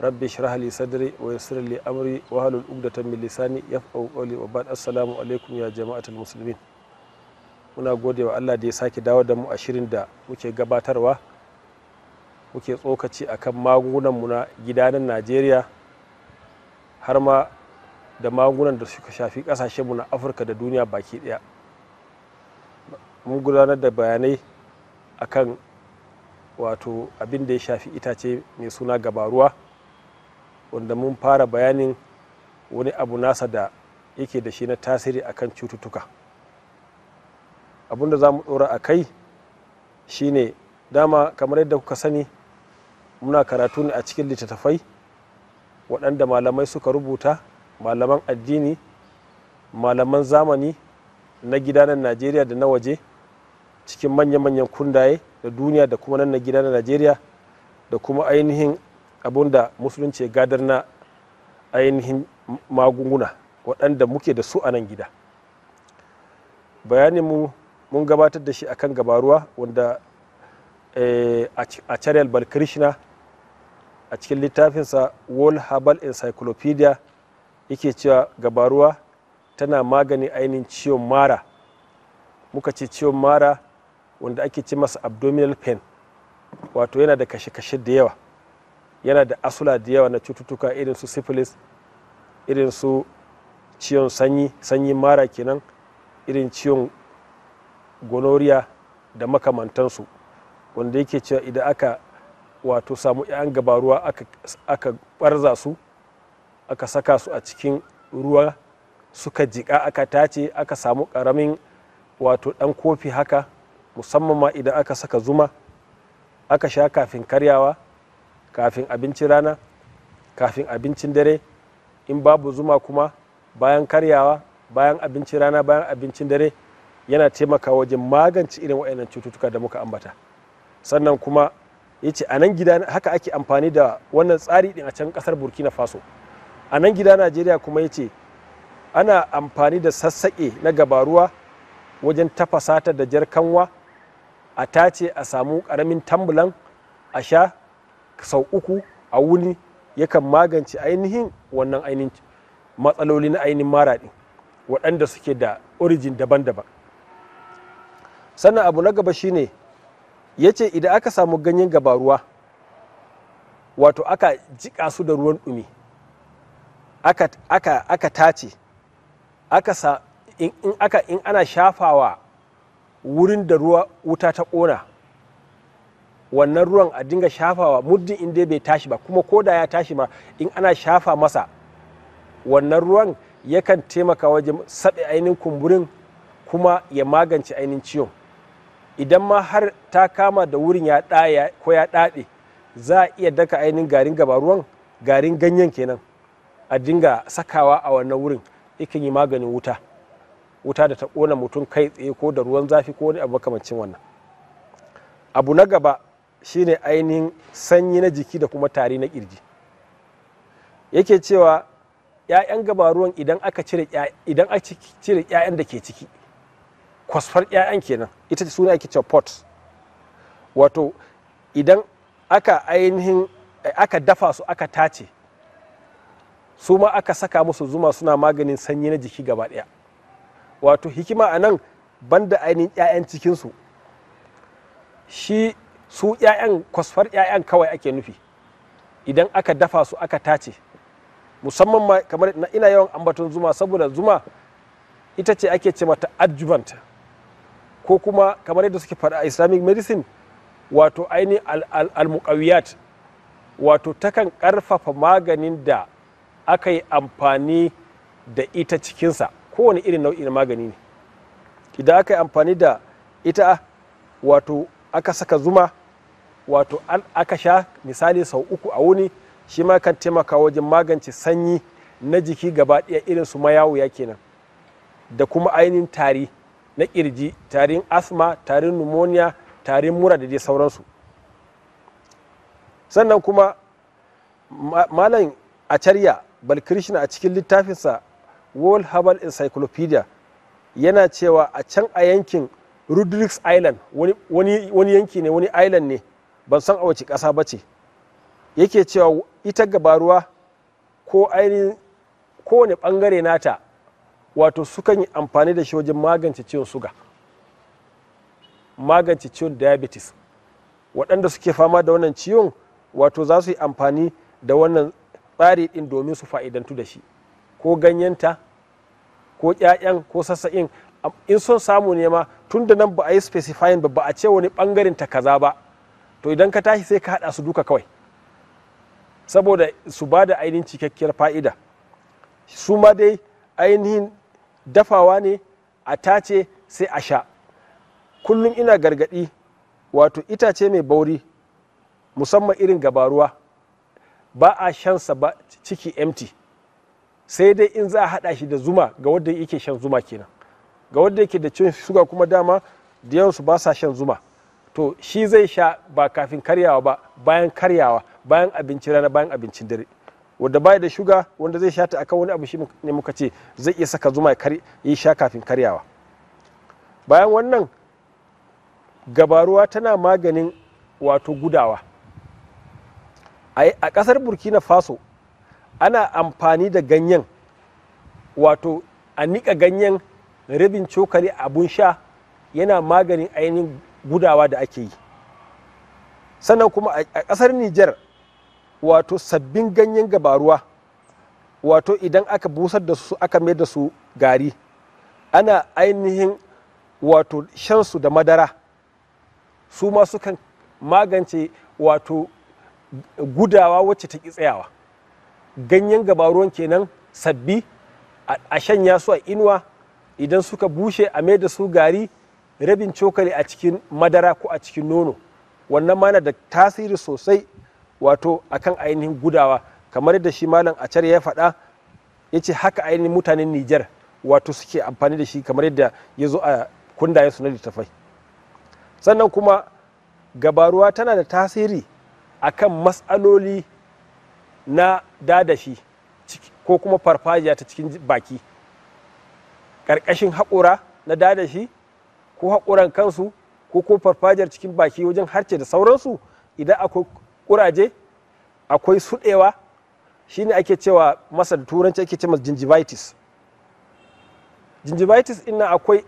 rabbi shrah li sadri wa yassir li amri wa halul ugdatan min lisani yafqahu qawli wa ba'd assalamu alaikum ya jama'atul muslimin muna gode wa Allah da ya sake dawo da mu a shirin da muke gabatarwa muke tsokaci akan magungunan mu na gidanan Najeriya har ma da magungunan da suka shafi kasashe mu na Afirka da duniya baki daya mun gudanar da bayanai akan wato abin da ya shafi itace mai suna gabaruwa wanda mun fara bayanin wani abu nasa da yake da shi na tasiri akan cututtuka abinda za mu ɗora a kai shine dama kamar yadda kuka sani muna karatu ne a cikin littattafai waɗanda malamai suka rubuta malaman addini malaman zamani na gida na najeriya da na waje cikin manya-manyan kundaye da duniya da kuma nan na gida na najeriya da kuma ainihin da musulunci ya gadar na ainihin magunguna waɗanda muke da su a nan gida bayaninmu mun gabatar da shi a kan gabaruwa wanda eh, a charel balkrishna a cikin littafinsa world herbal encyclopedia yake cewa gabaruwa tana magani ainihin ciwon mara muka ce ciwon mara wanda ake ce masa abdominal pain wato yana da kashe-kashe da yawa yana da asula da yawa na cututtuka irin su syphilis irin su ciwon sanyi sanyi mara kenan irin ciwon gonoriya da makamantansu wanda yake cewa idan aka wato samu 'yan gabaruwa aka, aka barza su aka saka su a cikin ruwa suka jika aka tace aka samu karamin wato dan kofi haka musamman ma idan aka saka zuma aka sha kafin karyawa kafin abincin rana kafin abincin dare in babu zuma kuma bayan karyawa bayan abincin rana bayan abincin dare yana taimaka wajen magance irin waɗannan cututtuka da muka ambata sannan kuma ya ce a nan gida haka ake amfani da wannan tsari din a can kasar burkina faso a nan gida najeriya kuma ya ce ana amfani da sassaƙe na gabaruwa wajen tafasata da jarkanwa a tace a samu ƙaramin tambulan a sha sau uku a wuni yakan magance ainihin wannan ainihin matsaloli na ainihin mara ɗin waɗanda suke da origin daban-daban sannan abu na gaba shine ya ce idan aka samu ganyen gabaruwa wato aka jiƙa su da ruwan ɗumi aka, tace in, in, aka, in ana shafawa wurin da ruwa wuta ta ƙona wannan ruwan a dinga shafawa muddin inda dai bai tashi ba kuma ko da ya tashi ma in ana shafa masa wannan ruwan yakan taimaka wajen saɓe ainihin kumburin kuma ya magance ainihin ciwon idan ma har ta kama da wurin ya ɗaya ko ya ɗaɗe za a iya daka ainihin garin gaba ruwan garin ganyen kenan a dinga sakawa a wannan wurin ikin yi maganin wuta wuta da ta ƙona mutum kai tsaye ko da ruwan zafi ko wani abu makamancin wannan abu na gaba shine ainihin sanyi na jiki da kuma tari na kirji yake cewa ‘ya'yan gabaruwan idan aka cire ‘ya'yan da ke ciki kwasfar ‘ya'yan kenan ita ce suna ake cewa pot wato idan aka ainihin aka dafa su aka tace su ma aka saka musu zuma suna maganin sanyi na jiki gaba ɗaya wato hikima a nan banda ainihin ‘ya'yan cikinsu shi su 'ya'yan kwasfar 'ya'yan kawai ake nufi idan aka dafa su aka tace musamman ma kamar ina yawan ambaton zuma saboda zuma ita ce ake ce mata adjuvant ko kuma kamar yadda suke faɗa a islamic medicine wato ainihin almukawiyat al, wato takan ƙarfafa maganin da aka yi amfani da ita cikinsa kowane irin nau'in magani ne idan aka yi amfani da ita wato aka saka zuma wato aka sha misali sau uku a wuni shi ma kan taimaka wajen magance sanyi na jiki gaba ɗaya irin su ya kenan da kuma ainihin tari na kirji tarin asma tarin pneumonia tarin mura da dai sauransu sannan kuma malam acharya balkrishna a cikin littafinsa world herbal encyclopedia yana cewa a can a yankin rodrigues island wani, yanki ne wani island ne ban san a wace ƙasa ba ce yake cewa ita gabaruwa ko ainihin kowane bangare nata wato sukan yi amfani da shi wajen magance ciwon suga magance ciwon diabetes waɗanda suke fama da wannan ciwon wato za su yi amfani da wannan tsari ɗin domin su fa'idantu da shi ko ganyenta ko ƴaƴan ko sassa'in in son samu ne ma tun da nan ba a yi specifying ba ba a ce wani bangaren ta kaza ba to idan ka tashi sai ka hada su duka kawai saboda su ba da ainihin cikakkiyar fa'ida su ma dai ainihin dafawa ne a tace sai a sha kullum ina gargadi wato itace mai bauri musamman irin gabaruwa ba a shansa ba ciki empty sai dai in za a hada shi da zuma ga wanda yake shan zuma kenan ga wanda yake da cin suga kuma dama da yawansu ba sa shan zuma to shi zai sha ba kafin karyawa ba bayan karyawa bayan abincin rana bayan abincin dare wanda baya da shuga wanda zai sha ta akan wani abu shi ne muka ce zai iya saka zuma ya sha kafin karyawa bayan wannan gabaruwa tana maganin wato gudawa a ƙasar burkina faso ana amfani da ganyen wato a niƙa ganyen rabin cokali abun sha yana maganin ainihin gudawa da ake yi sannan kuma a ƙasar niger wato sabbin ganyen gabaruwa wato idan aka busar da su aka mai da su gari ana ainihin wato shansu da madara su ma sukan magance wato gudawa wacce ta ki tsayawa ganyen gabaruwan kenan sabbi a shanya su a inuwa idan suka bushe a mai da su gari rabin cokali a cikin madara ko a cikin nono wannan mana da tasiri sosai wato akan ainihin gudawa kamar yadda shi malam acar ya faɗa ya ce haka ainihin mutanen nijar wato suke amfani da shi kamar yadda ya zo a kunda su na littafai sannan kuma gabaruwa tana da tasiri akan matsaloli na dadashi ko kuma farfajiya ta cikin baki ƙarƙashin haƙura na shi ko haƙuran kansu ko ko farfajar cikin baki wajen harce da sauransu idan akwai ƙuraje akwai suɗewa shine ake cewa masa da turanci ake ce masa gingivitis gingivitis ina akwai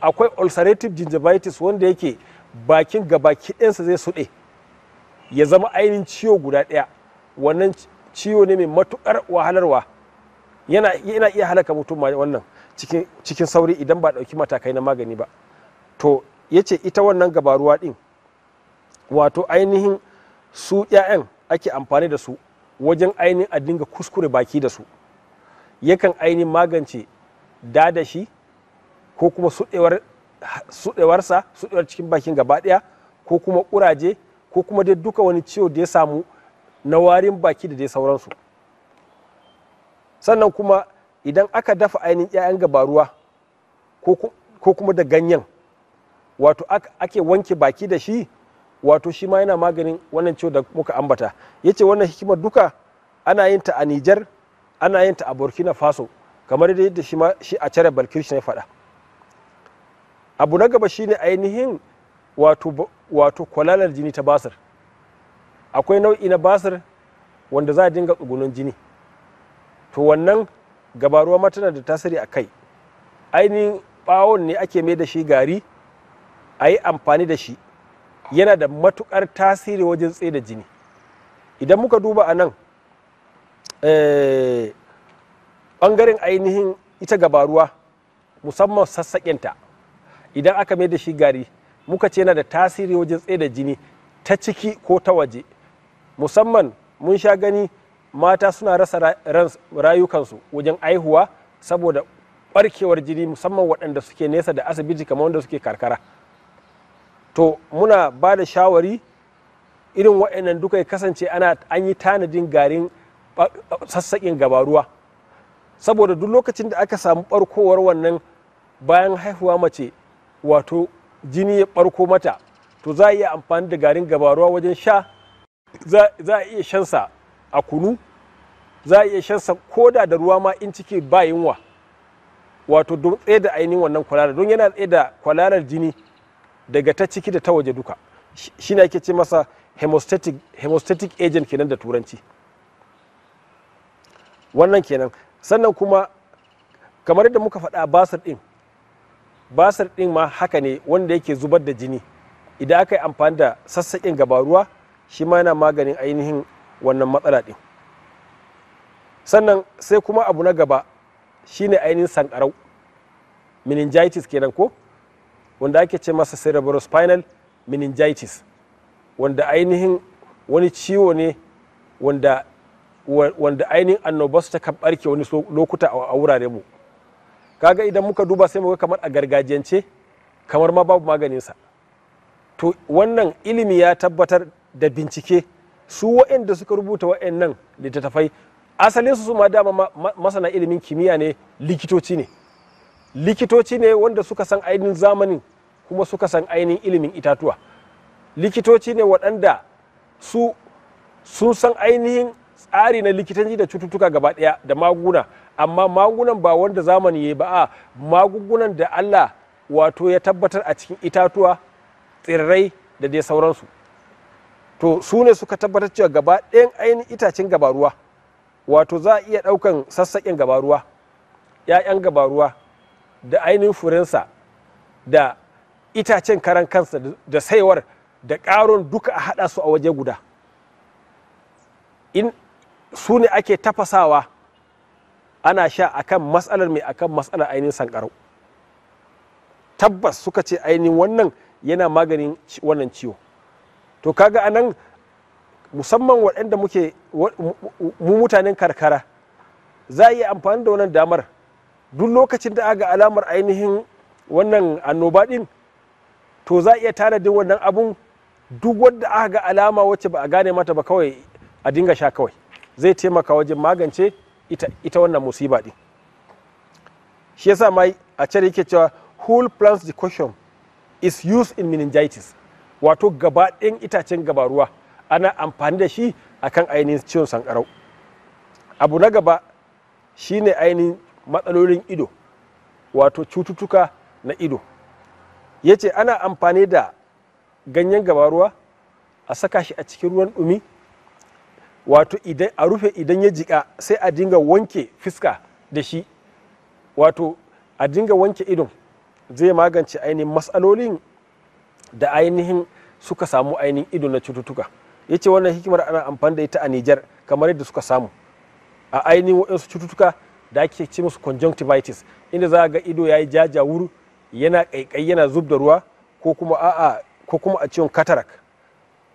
akwai ulcerative gingivitis wanda yake bakin gabaki ɗinsa zai suɗe ya zama ainihin ciwo guda ɗaya wannan ciwo ne mai matuƙar wahalarwa yana iya halaka mutum wannan cikin sauri idan ba ɗauki matakai na magani ba to ya ce ita wannan gabaruwa din wato ainihin su 'ya'yan ake amfani da su wajen ainihin a dinga kuskure baki da su yakan ainihin magance dadashi ko kuma suɗewarsa suɗewar cikin bakin gabaɗaya ko kuma ƙuraje ko kuma dai duka wani ciwo da ya samu na warin baki da dai sauransu sannan kuma idan aka dafa ainihin 'ya'yan gabaruwa ko kuma da ganyen wato ake wanke baki da shi wato shi ma yana maganin wannan ciwo da muka ambata ya ce wannan hikimar duka ana yin ta a nijar ana yin ta a burkina faso kamar yadda shi a cire balkirshi ya faɗa abu na gaba shine ainihin wato kwalalar jini ta basir akwai nau'i na basir wanda za a dinga tsugunin jini to wannan gabaruwa matana da tasiri a kai ainihin bawon ne ake mai da shi gari a yi amfani da shi yana da matukar tasiri wajen tsaye da jini idan muka duba a nan bangaren eh, ainihin ita gabaruwa musamman sassaƙinta idan aka mai da shi gari muka ce yana da tasiri wajen tsaye da jini ta ciki ko ta waje musamman mun sha gani mata suna rasa rayukansu wajen aihuwa saboda barkewar jini musamman waɗanda suke nesa da asibiti kamar wanda suke karkara to muna ba da shawari irin waɗannan duka ya kasance ana an yi tanadin garin sassaƙin gabaruwa saboda duk lokacin da aka samu barkowar wannan bayan haihuwa mace wato jini ya barko mata to za a iya amfani da garin gabaruwa wajen sha za a iya shansa a kunu za a iya shansa ko da da ruwa ma in ciki ba yunwa wato don tsaye da ainihin wannan kwalarar don yana tsaye da kwalarar jini daga ta ciki da ta waje duka shi ne ake ce masa hemostatic, hemostatic agent kenan da turanci wannan kenan sannan kuma kamar yadda muka faɗa basir ɗin basir ɗin ma haka ne wanda yake zubar da jini idan aka yi amfani da sassaƙin gabaruwa shi ma yana maganin ainihin wannan matsala ɗin sannan sai kuma abu na gaba shine ainihin sankarau meningitis kenan ko wanda ake ce masa cerebrospinal meningitis wanda ainihin wani ciwo ne wanda wanda ainihin annoba su ta barke wani lokuta a wurare mu kaga idan muka duba sai muka kamar a gargajiyance kamar ma babu maganinsa to wannan ilimi ya tabbatar da bincike su waɗanda suka rubuta wa'annan littattafai asalin su ma dama masana ilimin kimiyya ne likitoci ne likitoci ne wanda suka san ainihin zamanin kuma suka san ainihin ilimin itatuwa likitoci ne waɗanda su sun san ainihin tsari na likitanci da cututtuka gaba ɗaya da maguna amma magunan ba wanda zamani ya ba a magungunan da allah wato ya tabbatar a cikin itatuwa tsirrai da dai sauransu to su ne suka tabbatar cewa gaba ɗayan ainihin itacen gabaruwa wato za a iya ɗaukan sassaƙin gabaruwa ‘ya'yan gabaruwa da ainihin furensa da itacen karan kansa da saiwar da ƙaron duka a haɗa su a waje guda in su ne ake tafasawa ana sha akan matsalar mai akan matsalar ainihin sankarau tabbas suka ce ainihin wannan yana maganin wannan ciwo to kaga anan musamman waɗanda muke mu mutanen karkara za a iya amfani da wannan damar duk lokacin da aga alamar ainihin wannan annoba ɗin to za a iya tanadin wannan abun duk wadda aka ga alama wacce ba a gane mata ba kawai a dinga sha kawai zai taimaka wajen magance ita, wannan musiba ɗin shi yasa mai a yake cewa whole plants decoction is used in meningitis wato gaba itacen gaba ruwa ana amfani da shi akan ainihin ciwon sankarau abu na gaba shine ainihin matsalolin ido wato cututtuka na ido ya ce ana amfani da ganyen gaba ruwa a saka shi a cikin ruwan ɗumi wato a rufe idan ya jika sai a dinga wanke fiska da shi wato a dinga wanke idon zai magance ainihin matsalolin da ainihin suka samu ainihin ido na cututtuka ya ce wannan hikimar ana amfani da ita a nijar kamar yadda suka samu a ainihin waɗansu cututtuka da ake ce musu conjunctivitis inda za a ga ido ya yi jaja wuru yana ƙaiƙai yana zub da ruwa ko kuma a ciwon katarak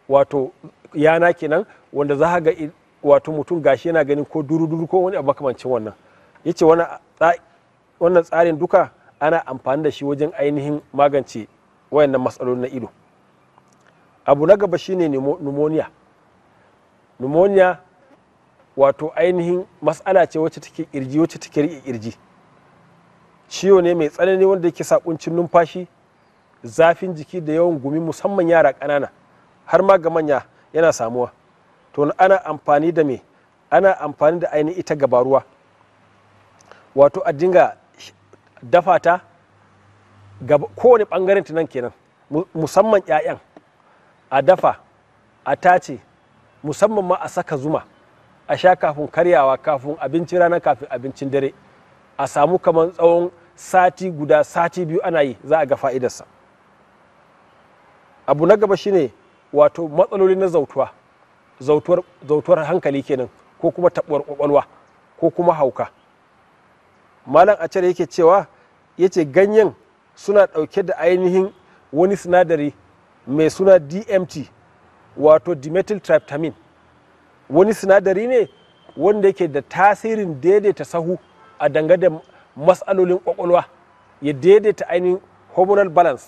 wato yana kenan wanda za a ga wato mutum gashi yana ganin ko duru duru ko wani abu makamancin wannan ya ce wannan tsarin duka ana amfani da shi wajen ainihin magance wayannan matsaloli na ido abu na gaba shine pneumonia pneumonia wato ainihin matsala ce wacce take kirji wacce take riƙe kirji ciwo ne mai tsanani wanda yake sa kuncin numfashi zafin jiki da yawan gumi musamman yara ƙanana har ma ga manya yana samuwa to ana amfani da me ana amfani da ainihin ita gabaruwa wato a dinga dafa ta kowane bangaren nan kenan musamman 'ya'yan a dafa a tace musamman ma a saka zuma a sha kafin karyawa kafin abincin rana kafin abincin dare a samu kamar tsawon sati guda sati biyu ana yi za a ga fa'idarsa abu na gaba shine wato matsaloli na zautuwa zautuwar hankali kenan ko kuma taɓuwar kwakwalwa ko kuma hauka malam a yake cewa yace ganyen suna ɗauke da ainihin wani sinadari mai suna dmt wato dimethyl tryptamine wani sinadari ne wanda yake da tasirin daidaita sahu a dangane da matsalolin kwakwalwa ya daidaita ainihin hormonal balance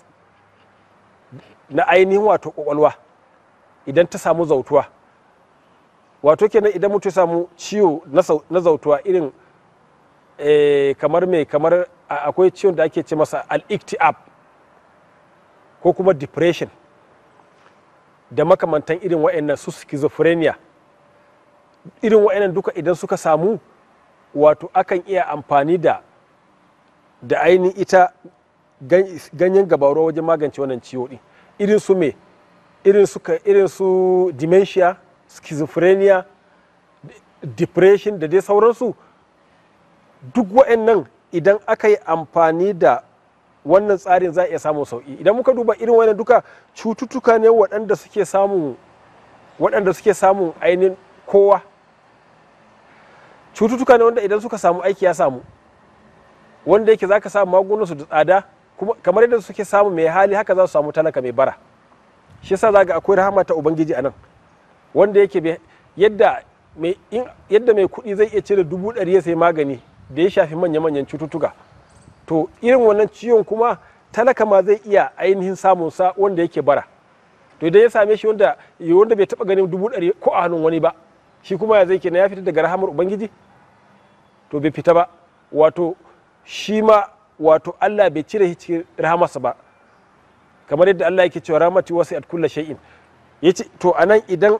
na ainihin wato kwakwalwa idan ta samu zautuwa wato kenan idan mutum ya samu ciwo na zautuwa irin eh, kamar mai kamar akwai ciwon da ake ce masa al ko kuma depression da makamantan irin wa'annan su schizophrenia irin wa'annan duka idan suka samu wato akan iya amfani da da ainihin ita ganyen gabaruwa wajen magance wannan ciwo irin su me irin irin su dementia schizophrenia depression da dai sauransu duk wa'annan idan aka yi amfani da wannan tsarin za a iya samun sauki idan muka duba irin wannan duka cututtuka ne waɗanda suke samun waɗanda ainihin kowa cututtuka ne wanda idan suka samu aiki ya samu wanda yake zaka samu magunansu da tsada kamar yadda suke samu mai hali haka za su samu talaka mai bara shi yasa zaga akwai rahama ta ubangiji anan wanda yake yadda mai kuɗi zai iya cire dubu ɗari ya sai magani da ya shafi manya-manyan cututtuka to irin wannan ciwon kuma talaka ma zai iya ainihin samun sa wanda yake bara to idan ya same shi wanda wanda bai taba ganin dubu ɗari ko a hannun wani ba shi kuma ya zai kenan ya fita daga rahamar ubangiji to bai fita ba wato shi ma wato Allah bai cire shi rahamarsa ba kamar yadda Allah yake cewa rahmati wasu at kulla shay'in yace to anan idan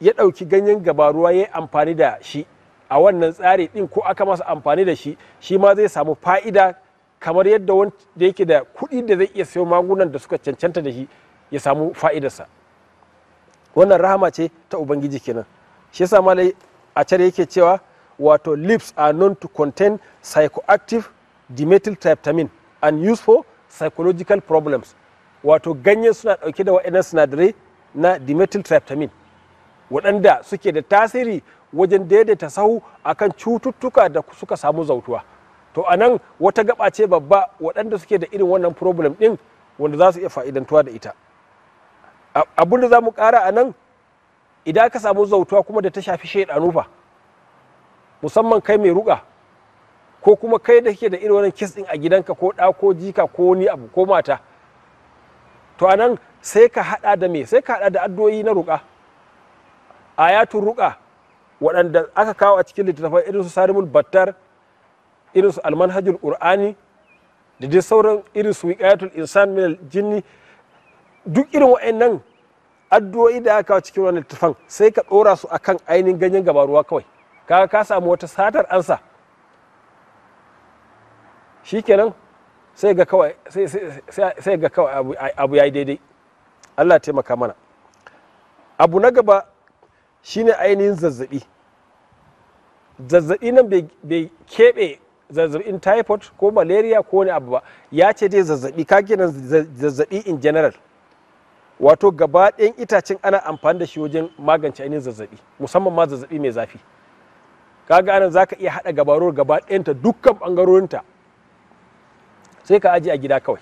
ya dauki ganyen gabaruwa ya yi amfani da shi a wannan tsari din ko aka masa amfani da shi shi ma zai samu fa'ida kamar yadda wanda yake da kuɗi da zai iya sayo magunan da suka cancanta da shi ya samu fa'idarsa wannan rahama ce ta ubangiji kenan shi yasa malai a cire yake cewa wato lips are known to contain psychoactive dimethyl and used for psychological problems wato ganyen suna dauke da waɗannan sinadarai na dimethyl waɗanda suke da tasiri wajen daidaita sahu akan cututtuka da suka samu zautuwa to a nan wata gaba ce babba waɗanda suke da irin wannan problem ɗin wanda za su iya fa'idantuwa da ita abin da za mu ƙara a nan idan ka samu zautuwa kuma da ta shafi shaidanu fa musamman kai mai ruƙa ko kuma kai da ke da irin wannan kis ɗin a gidanka ko ɗa ko jika ko wani abu ko mata to a nan sai ka haɗa da me sai ka haɗa da addu'o'i na ruƙa ayatul ruƙa waɗanda aka kawo a cikin littattafai irin su sarimul battar irin su almanhajul qur'ani da dai sauran irin su wiqayatul insan min jinni duk irin wa'annan addu'o'i da aka kawo cikin wannan littattafan sai ka ɗora su akan ainihin ganyen gabaruwa kawai kaga ka samu wata satar ansa shikenan sai ga kawai sai ga kawai abu yayi daidai Allah taimaka mana abu na gaba shine ainihin zazzabi zazzabi nan bai keɓe zazzabin typhoid ko malaria ko wani abu ba ya ce dai zazzabi ka nan zazzabi in general wato gaba ɗayan itacen ana amfani da shi wajen magance ainihin zazzabi musamman ma zazzabi mai zafi kaga anan zaka iya haɗa gabaruwar gaba ɗayanta dukkan ta sai ka aje a gida kawai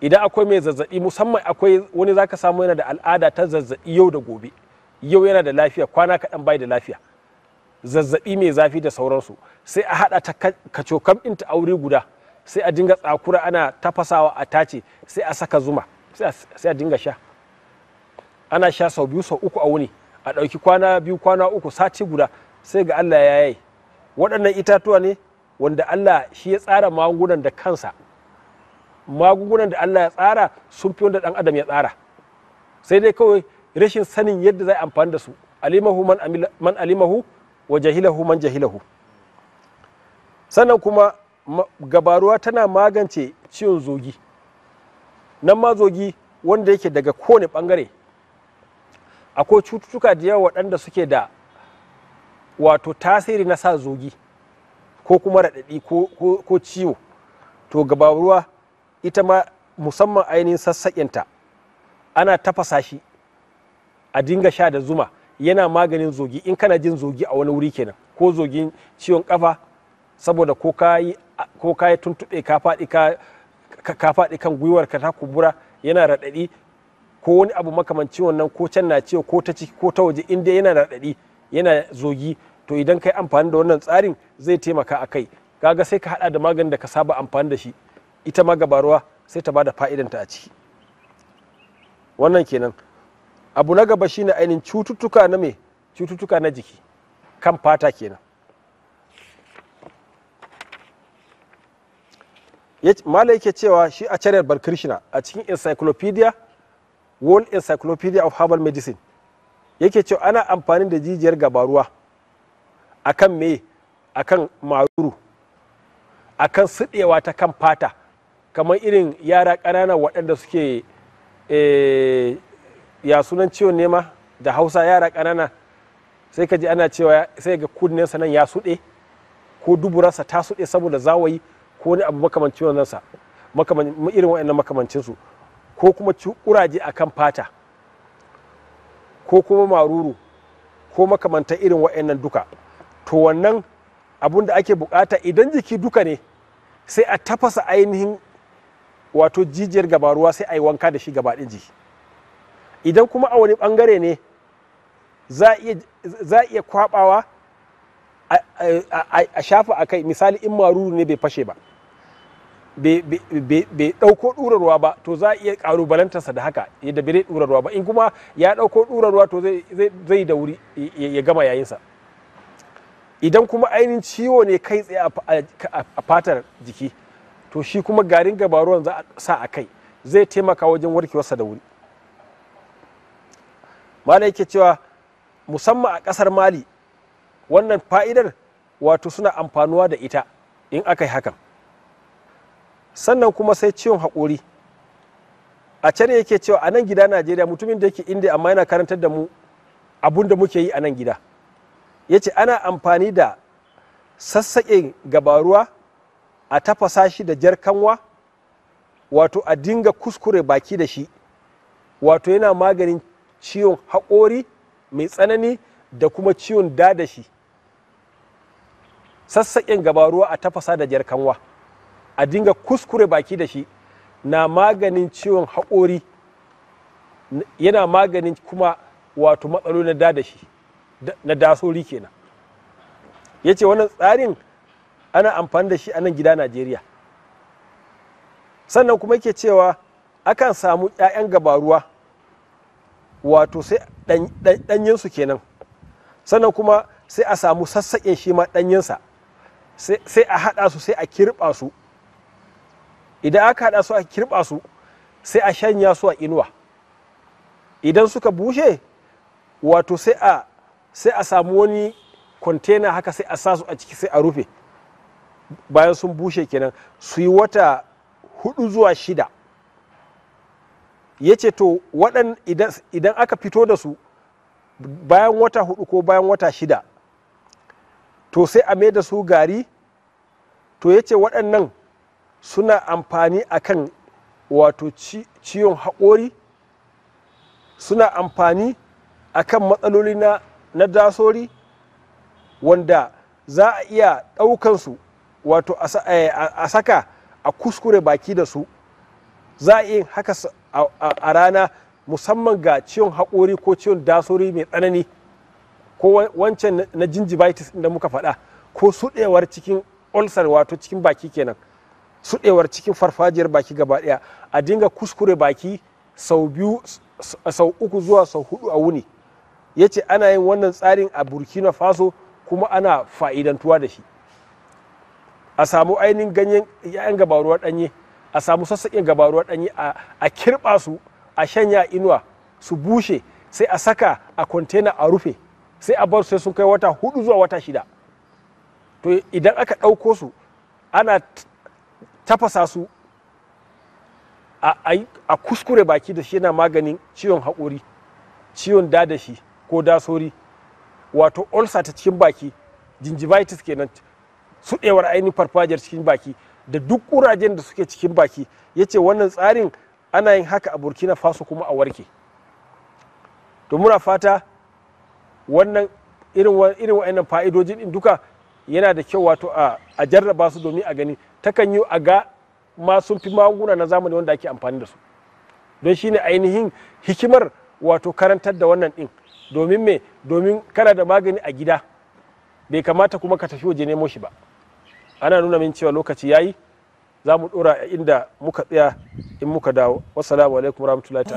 idan akwai mai zazzabi musamman akwai wani zaka samu yana da al'ada ta zazzabi yau da gobe yau yana da lafiya kwana kaɗan bai da lafiya zazzabi mai zafi da sauransu sai a haɗa ta kacokam ɗinta aure guda sai a dinga tsakura ana tafasawa a tace sai a saka zuma sai a dinga sha ana sha sau biyu sau uku a wuni a ɗauki kwana biyu kwana uku sati guda sai ga allah ya yi waɗannan itatuwa ne wanda allah shi ya tsara magungunan da kansa magungunan da allah ya tsara sun fi wanda ɗan adam ya tsara sai dai kawai rashin sanin yadda zai amfani da su alimahu man alimahu wa jahilahu man jahilahu sannan kuma gabaruwa tana magance ciwon zogi nan ma zogi wanda yake daga kowane bangare akwai cututtuka da yawa waɗanda suke da wato tasiri na sa zogi ko kuma raɗaɗi ko ciwo to gabaruwa ita ma musamman ainihin sassaƙinta ana tafasa shi a dinga sha da zuma yana maganin zogi in kana jin zogi a wani wuri kenan ko zogin ciwon kafa saboda ko ka yi tuntuɓe ka faɗi kan gwiwar ka ta kubura yana raɗaɗi ko wani abu makamanci wannan ko can na ciwo ko ta ciki ko ta waje inda yana raɗaɗi yana zogi to idan kai amfani da wannan tsarin zai taimaka a kai kaga sai ka haɗa da maganin da ka saba amfani da shi ita ma gabaruwa sai ta ba da fa'idanta a ciki wannan kenan abu na gaba shine ainihin cututtuka na me cututtuka na jiki kan fata kenan mala yake cewa shi a chariyar balkrishna a cikin encyclopedia world encyclopedia of herbal medicine yake cewa ana amfani da jijiyar gabaruwa akan me akan maruru akan siɗewa ta kan fata kamar irin yara ƙanana waɗanda suke eh, ya sunan ciwon nema da hausa yara ƙanana sai ka ji ana cewa sai ga kudinsa nan ya suɗe ko duburarsa ta suɗe saboda zawayi ko wani abu makamancin wannan sa irin wa'annan makamancin ko kuma kuraje akan fata ko kuma maruru ko makamantar irin wa'annan duka to wannan abun da ake bukata idan jiki duka ne sai a tafasa ainihin wato jijiyar gabaruwa sai a yi wanka da shi gabaɗin jiki idan kuma a wani bangare ne za a iya kwabawa a shafa a kai misali in maruru ne bai fashe ba bai ɗauko ɗurarwa ba to za a iya ƙalubalantarsa da haka yadda bai ɗurarwa ba in kuma ya ɗauko ɗurarwa to zai da wuri ya gama yayinsa idan kuma ainihin ciwo ne kai tsaye a fatar jiki to shi kuma garin gabaruwan za a sa a kai zai taimaka wajen warkewarsa da wuri malai yake cewa musamman a kasar mali wannan fa'idar wato suna amfanuwa da ita in aka yi hakan sannan kuma sai ciwon haƙori a can yake cewa a nan gida najeriya mutumin da yake inda amma yana karantar da mu abun da muke yi a nan gida ya ce ana amfani da sassaƙe gabaruwa a tafasa shi da jarkanwa wato a dinga kuskure baki da shi wato yana maganin ciwon haƙori mai tsanani da kuma ciwon dadashi sassaƙin gaba ruwa a tafasa da jar a dinga kuskure baki da shi na maganin ciwon haƙori yana maganin kuma wato matsalo na dadashi na dasori kenan ya ce wannan tsarin ana amfani da shi a nan gida najeriya sannan kuma yake cewa akan samu 'ya'yan gabaruwa wato sai ɗanyensu kenan sannan kuma sai a samu sassaƙin shi ma ɗanyensa sai a haɗa su sai a kirɓa su idan aka haɗa su a kirɓa su sai a shanya su a inuwa idan suka bushe wato sai a sai a samu wani kwantena haka sai a sa su a ciki sai a rufe bayan sun bushe kenan su yi wata hudu zuwa shida ya ce to waɗan idan aka fito da su bayan wata hudu ko bayan wata shida to sai a mai da su gari to ya ce waɗannan suna amfani a kan wato ciwon haƙori suna amfani a kan matsaloli na, dasori wanda za a iya ɗaukansu wato eh, a saka a kuskure baki da su za a iya haka a rana musamman ga ciwon haƙori ko ciwon dasori mai tsanani ko wancan na gingivitis da muka faɗa ko suɗewar cikin ulcer wato cikin baki kenan suɗewar cikin farfajiyar baki gaba ɗaya a dinga kuskure baki sau biyu sau uku zuwa sau hudu a wuni ya ce ana yin wannan tsarin a burkina faso kuma ana fa'idantuwa da shi a samu ainihin ganyen 'ya'yan gabaruwar ɗanye a samu sassaƙin gabaruwar ɗanyi a kirɓa su a shanya inuwa su bushe sai a saka a kwantena a rufe sai a bar sai sun kai wata hudu zuwa wata shida to idan aka ɗauko su ana tafasa su a kuskure baki da shi yana maganin ciwon haƙori ciwon dadashi ko dasori wato ulcer ta cikin baki gingivitis kenan suɗewar ainihin farfajiyar cikin baki da duk kurajen da suke cikin baki ya ce wannan tsarin ana yin haka a burkina faso kuma a warke to muna fata wannan irin wa'annan fa'idojin din duka yana da kyau wato a jarraba su domin a gani takan yi a ga ma sun fi magunguna na zamani wanda ake amfani da su don shine ainihin hikimar wato karantar da wannan din domin me domin kana da magani a gida bai kamata kuma ka tafi waje nemo shi ba ana nuna min cewa lokaci yayi za mu dora inda muka tsaya in muka dawo wassalamu alaikum warahmatullahi